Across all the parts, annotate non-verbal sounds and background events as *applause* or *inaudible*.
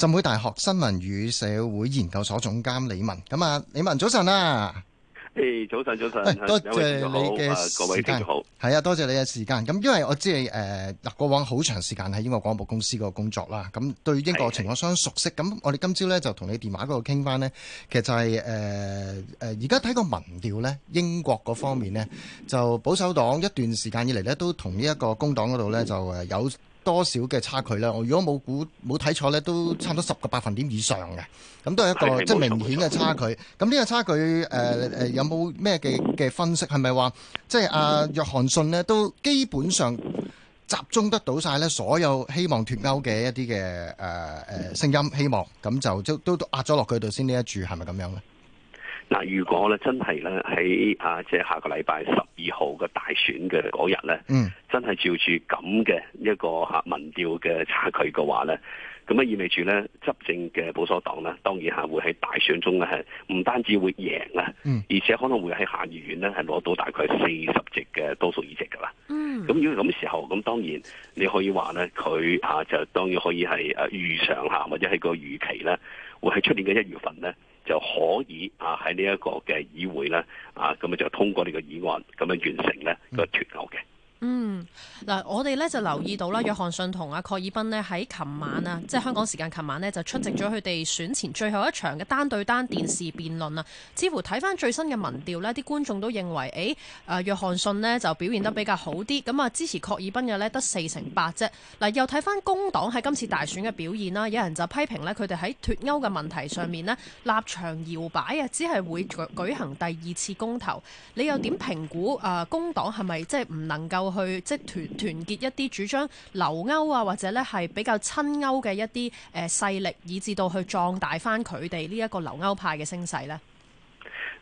浸會大學新聞與社會研究所總監李文，咁啊，李文早晨啦，誒，早晨 hey，早晨，早晨多謝你嘅時間，係啊，多謝你嘅時間。咁因為我知係誒嗱，過往好長時間喺英國廣播公司嗰個工作啦，咁對英國情況相當熟悉。咁的我哋今朝咧就同你電話嗰度傾翻呢。其實就係誒誒，而家睇個民調呢，英國嗰方面呢，嗯、就保守黨一段時間以嚟呢，都同呢一個工黨嗰度呢，嗯、就誒有。多少嘅差距咧？我如果冇估冇睇錯咧，都差唔多十個百分點以上嘅，咁都係一個的即係明顯嘅差距。咁呢個差距誒誒、呃呃、有冇咩嘅嘅分析？係咪話即係阿、啊、約翰遜呢都基本上集中得到晒咧所有希望脫歐嘅一啲嘅誒誒聲音，希望咁就都都壓咗落佢度先呢一注，係咪咁樣咧？嗱，如果咧真係咧喺啊，即係下個禮拜十二號嘅大選嘅嗰日咧，嗯，mm. 真係照住咁嘅一個嚇民調嘅差距嘅話咧，咁啊意味住咧執政嘅保守黨咧，當然係會喺大選中咧係唔單止會贏啦，mm. 而且可能會喺下議院咧係攞到大概四十席嘅多數議席噶啦，嗯，咁如果咁嘅時候，咁當然你可以話咧佢啊就當然可以係誒預上下或者係個預期咧，會喺出年嘅一月份咧。就可以啊喺呢一個嘅議會咧啊咁啊就通過呢個議案咁樣完成咧個脫歐嘅。 *noise* 嗯，嗱，我哋咧就留意到啦，約翰遜同阿科爾賓咧喺琴晚啊，晚即係香港時間琴晚咧就出席咗佢哋選前最後一場嘅單對單電視辯論啊。似乎睇翻最新嘅民調咧，啲觀眾都認為誒，阿、欸呃、約翰遜咧就表現得比較好啲，咁啊支持科爾賓嘅咧得四成八啫。嗱，又睇翻工黨喺今次大選嘅表現啦，有人就批評咧佢哋喺脫歐嘅問題上面咧立場搖擺啊，只係會舉舉行第二次公投。你又點評估誒、呃、工黨係咪即係唔能夠？去即團團結一啲主張留歐啊，或者咧係比較親歐嘅一啲誒勢力，以至到去壯大翻佢哋呢一個留歐派嘅聲勢咧。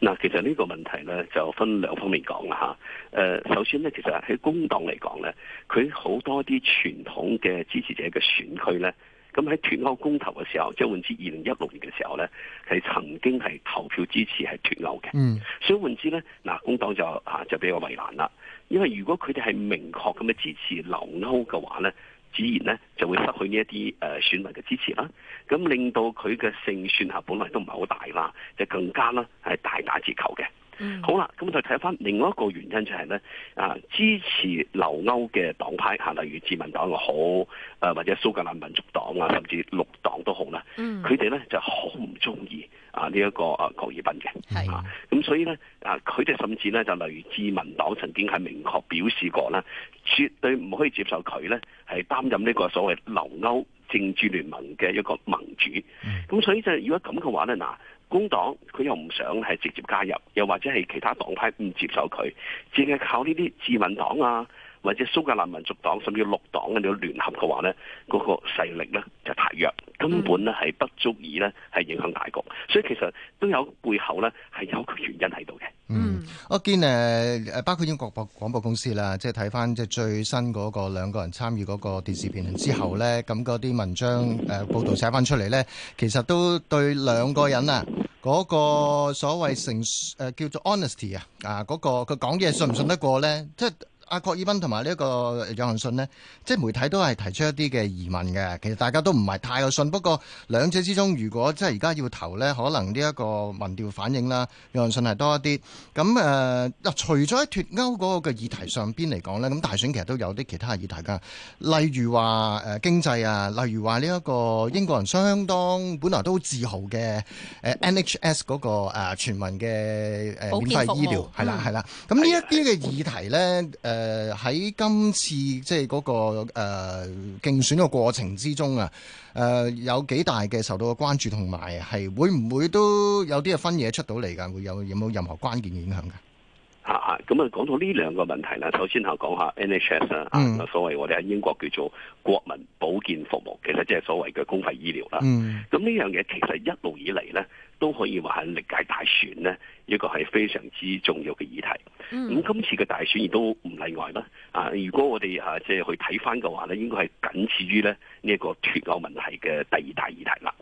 嗱，其實呢個問題咧就分兩方面講啦吓。誒，首先呢，其實喺工黨嚟講咧，佢好多啲傳統嘅支持者嘅選區咧，咁喺脱歐公投嘅時候，即係換之二零一六年嘅時候咧，係曾經係投票支持係脱歐嘅。嗯，所以換之咧，嗱，工黨就啊就比較為難啦。因為如果佢哋係明確咁嘅支持留歐嘅話咧，自然咧就會失去呢一啲誒選民嘅支持啦，咁、嗯、令到佢嘅勝算啊本來都唔係好大啦，就更加啦係大打折扣嘅。嗯、好啦，咁就睇翻另外一個原因就係咧，啊支持留歐嘅黨派嚇、啊，例如自民黨又好，誒、啊、或者蘇格蘭民族黨啊，甚至綠黨都好啦。嗯，佢哋咧就好唔中意啊呢一個啊郝爾彬嘅。係啊，咁是、啊、所以咧啊，佢哋甚至咧就例如自民黨曾經係明確表示過啦，絕對唔可以接受佢咧係擔任呢個所謂留歐政治聯盟嘅一個盟主。嗯，咁、嗯、所以就如果咁嘅話咧，嗱。工黨佢又唔想係直接加入，又或者係其他黨派唔接受佢，淨係靠呢啲自民黨啊，或者蘇格蘭民族黨甚至六黨嘅聯合嘅話咧，嗰個勢力咧就太弱，根本咧係不足以咧係影響大局。所以其實都有背後咧係有個原因喺度嘅。嗯，我見誒誒包括英國廣廣播公司啦，即係睇翻即係最新嗰個兩個人參與嗰個電視辯論之後咧，咁嗰啲文章誒報導寫翻出嚟咧，其實都對兩個人啊嗰個所謂誠誒叫做 honesty 啊啊嗰個佢講嘢信唔信得過咧，即係。阿郭爾斌同埋呢一個約翰遜咧，即係媒體都係提出一啲嘅疑問嘅。其實大家都唔係太有信。不過兩者之中，如果即係而家要投呢，可能呢一個民調反應啦，約翰遜係多一啲。咁誒嗱，除咗喺脫歐嗰個嘅議題上邊嚟講呢，咁大選其實都有啲其他嘅議題噶。例如話誒、呃、經濟啊，例如話呢一個英國人相當本來都好自豪嘅、呃、NHS 嗰、嗰個全民嘅誒免費醫療係啦係啦。咁呢一啲嘅議題呢。誒、呃。誒，喺、呃、今次即係、嗰個誒、呃、競選嘅過程之中啊，誒、呃、有幾大嘅受到嘅關注，同埋係會唔會都有啲嘅分野出到嚟噶？會有有冇任何關鍵嘅影響噶？嚇嚇，咁啊講到呢兩個問題啦，首先啊講下 NHS 啦，啊、mm. 所謂我哋喺英國叫做國民保健服務，其實即係所謂嘅公費醫療啦。咁呢、mm. 樣嘢其實一路以嚟咧都可以話係歷屆大選咧一個係非常之重要嘅議題。咁、mm. 今次嘅大選亦都唔例外啦。啊，如果我哋啊即係去睇翻嘅話咧，應該係僅次於咧呢一個脱歐問題嘅第二大議題啦。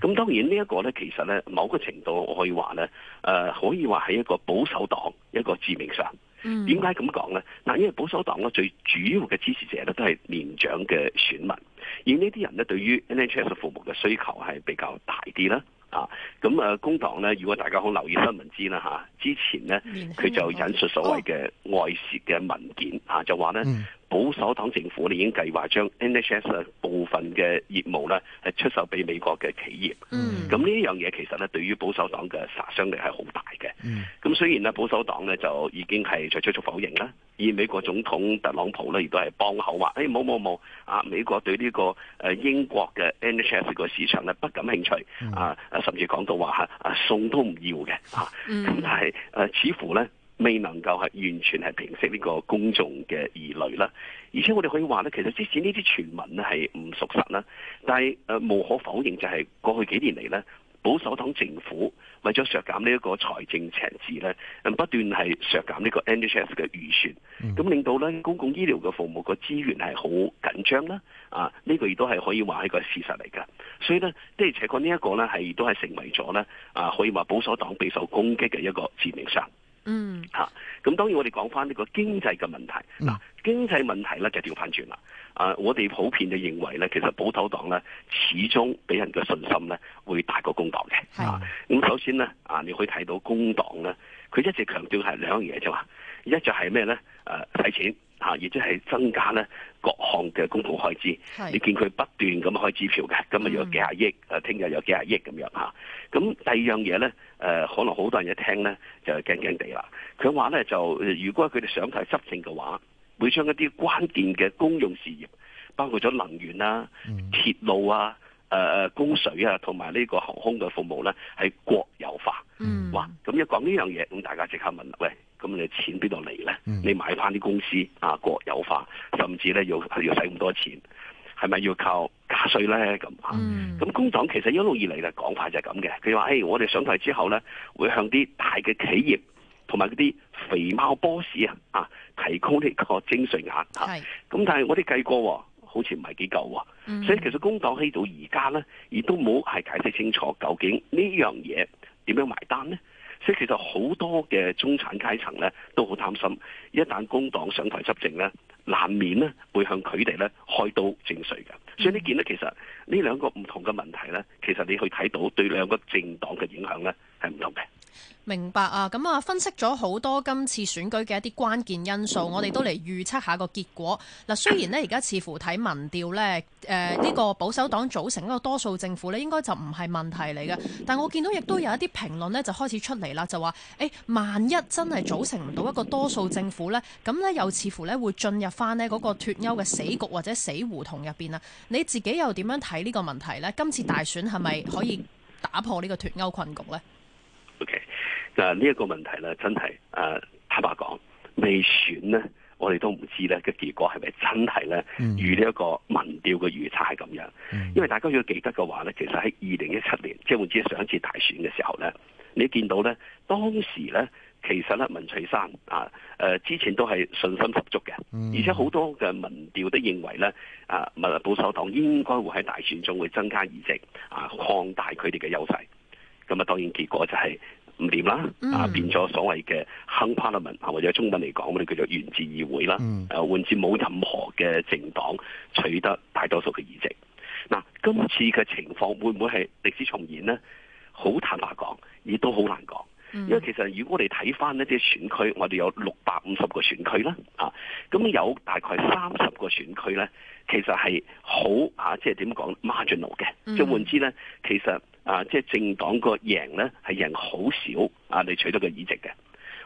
咁、嗯、當然呢一個咧，其實咧，某個程度我可以話咧，誒、呃、可以話係一個保守黨一個致命傷。點解咁講咧？嗱，因為保守黨咧最主要嘅支持者咧都係年長嘅選民，而呢啲人咧對於 NHS 服務嘅需求係比較大啲啦。啊，咁、啊、誒工黨咧，如果大家好留意新聞知啦嚇，啊啊、之前咧佢就引述所謂嘅外泄嘅文件嚇、啊，就話咧。嗯保守黨政府，我哋已經計劃將 NHS 部分嘅業務咧，係出售俾美國嘅企業。咁呢、嗯、樣嘢其實咧，對於保守黨嘅殺傷力係好大嘅。咁、嗯、雖然咧，保守黨咧就已經係在迅速否認啦，而美國總統特朗普咧亦都係幫口話，誒冇冇冇，啊美國對呢個誒英國嘅 NHS 個市場咧不感興趣。啊啊，甚至講到話嚇，啊送都唔要嘅嚇。咁、啊、但係誒、啊，似乎咧。未能夠係完全係平息呢個公眾嘅疑慮啦，而且我哋可以話咧，其實即使呢啲傳聞咧係唔屬實啦，但係誒無可否認就係過去幾年嚟呢，保守黨政府為咗削減呢一個財政赤字呢，不斷係削減呢個 NHS 嘅預算，咁令到咧公共醫療嘅服務個資源係好緊張啦。啊，呢個亦都係可以話係一個事實嚟噶。所以呢，即係的確呢一個呢，係都係成為咗呢，啊，可以話保守黨備受攻擊嘅一個致命傷。嗯吓，咁、啊、當然我哋講翻呢個經濟嘅問題，嗱經濟問題咧就掉翻轉啦。誒、啊，我哋普遍嘅認為咧，其實保守黨咧始終俾人嘅信心咧會大過工黨嘅。係、啊，咁首先咧，啊，你可以睇到工黨咧，佢一直強調係兩樣嘢啫嘛，一就係咩咧？誒、啊，使錢。嚇，亦即係增加咧各項嘅公共開支。是你見佢不斷咁開支票嘅，今日有幾廿億，誒聽日有幾廿億咁樣嚇。咁第二樣嘢咧，誒、呃、可能好多人一聽咧就驚驚地啦。佢話咧就，如果佢哋上台執政嘅話，會將一啲關鍵嘅公用事業，包括咗能源啦、啊、嗯、鐵路啊、誒、呃、誒供水啊，同埋呢個航空嘅服務咧，係國有化。嗯、哇！咁一講呢樣嘢，咁大家即刻問落嚟。喂咁你錢邊度嚟咧？你買翻啲公司啊，國有化，甚至咧又係要使咁多錢，係咪要靠加稅咧？咁、啊、咁、嗯、工黨其實一路以嚟嘅講法就係咁嘅，佢話誒，我哋上台之後咧，會向啲大嘅企業同埋嗰啲肥貓 boss 啊，提供呢個徵稅額啊。咁是、啊、但係我哋計過、哦，好似唔係幾夠，所以其實工黨喺到而家咧，亦都冇係解釋清楚究竟呢樣嘢點樣埋單咧。即係其實好多嘅中產階層咧，都好擔心，一旦工黨上台執政咧，難免咧會向佢哋咧開刀正稅㗎。所以呢件咧，其實呢兩個唔同嘅問題咧，其實你去睇到對兩個政黨嘅影響咧係唔同嘅。明白啊！咁啊，分析咗好多今次選舉嘅一啲關鍵因素，我哋都嚟預測下個結果嗱。雖然咧，而家似乎睇民調咧，誒呢個保守黨組成一個多數政府咧，應該就唔係問題嚟嘅。但我見到亦都有一啲評論呢就開始出嚟啦，就話誒，萬一真係組成唔到一個多數政府呢，咁咧又似乎咧會進入翻呢嗰個脱歐嘅死局或者死胡同入邊啊？你自己又點樣睇呢個問題呢？今次大選係咪可以打破呢個脱歐困局呢？嗱，呢一個問題咧，真係誒坦白講，未選呢，我哋都唔知咧嘅結果係咪真係咧，如呢一個民調嘅預測係咁樣。嗯、因為大家要記得嘅話咧，其實喺二零一七年即係換至於上一次大選嘅時候咧，你見到咧當時咧其實咧文翠珊啊誒之前都係信心十足嘅，嗯、而且好多嘅民調都認為咧文民保守黨應該會喺大選中會增加議席啊，擴大佢哋嘅優勢。咁啊，當然結果就係、是。唔掂啦，啊、mm hmm. 變咗所謂嘅 hung parliament 啊，或者中文嚟講，我哋叫做懸置議會啦。誒、mm，hmm. 換之冇任何嘅政黨取得大多數嘅議席。嗱、啊，今次嘅情況會唔會係歷史重現呢？好坦白講，亦都好難講。因為其實如果我哋睇翻一啲選區，我哋有六百五十個選區啦，啊，咁有大概三十個選區咧，其實係好嚇，即係點講 marginal 嘅，即係換之咧，其實。啊，即係政黨個贏咧，係贏好少啊！你取得個議席嘅，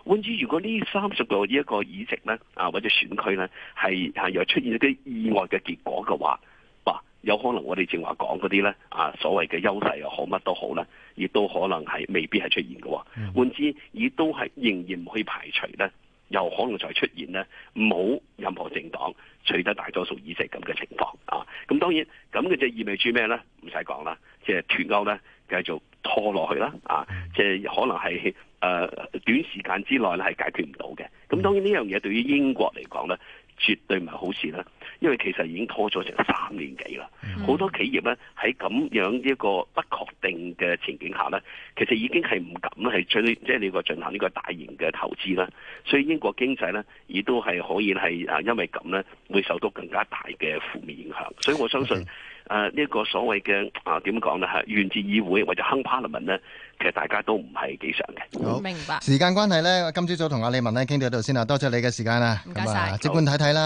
換之如果呢三十個呢一個議席咧，啊，或者選區咧，係係又出現一啲意外嘅結果嘅話，嗱、啊，有可能我哋正話講嗰啲咧，啊，所謂嘅優勢又好乜都好咧，亦都可能係未必係出現嘅，換之亦都係仍然唔可以排除咧。又可能再出現咧，冇任何政黨取得大多數議席咁嘅情況啊！咁、啊嗯、當然，咁嘅就意味住咩咧？唔使講啦，即係脱歐咧繼續拖落去啦啊！即、啊、係、就是、可能係誒、呃、短時間之內咧係解決唔到嘅。咁、嗯、當然呢樣嘢對於英國嚟講咧，絕對唔係好事啦，因為其實已經拖咗成三年幾啦，好、mm hmm. 多企業咧喺咁樣一個不確定嘅前景下咧，其實已經係唔敢係進即係呢個進行呢個大型嘅投資啦，所以英國經濟咧亦都係可以係啊，因為咁咧會受到更加大嘅負面影響，所以我相信。Mm hmm. 誒，呢一、呃，這個所謂嘅啊，點講咧？係懸峙議會或者 Hung Parliament 咧,其實大家都唔係幾想嘅。好、嗯、明白。時間關係咧,今朝早同阿李文咧傾到呢度先啦,多謝你嘅時間啦。唔該晒,即管睇睇啦。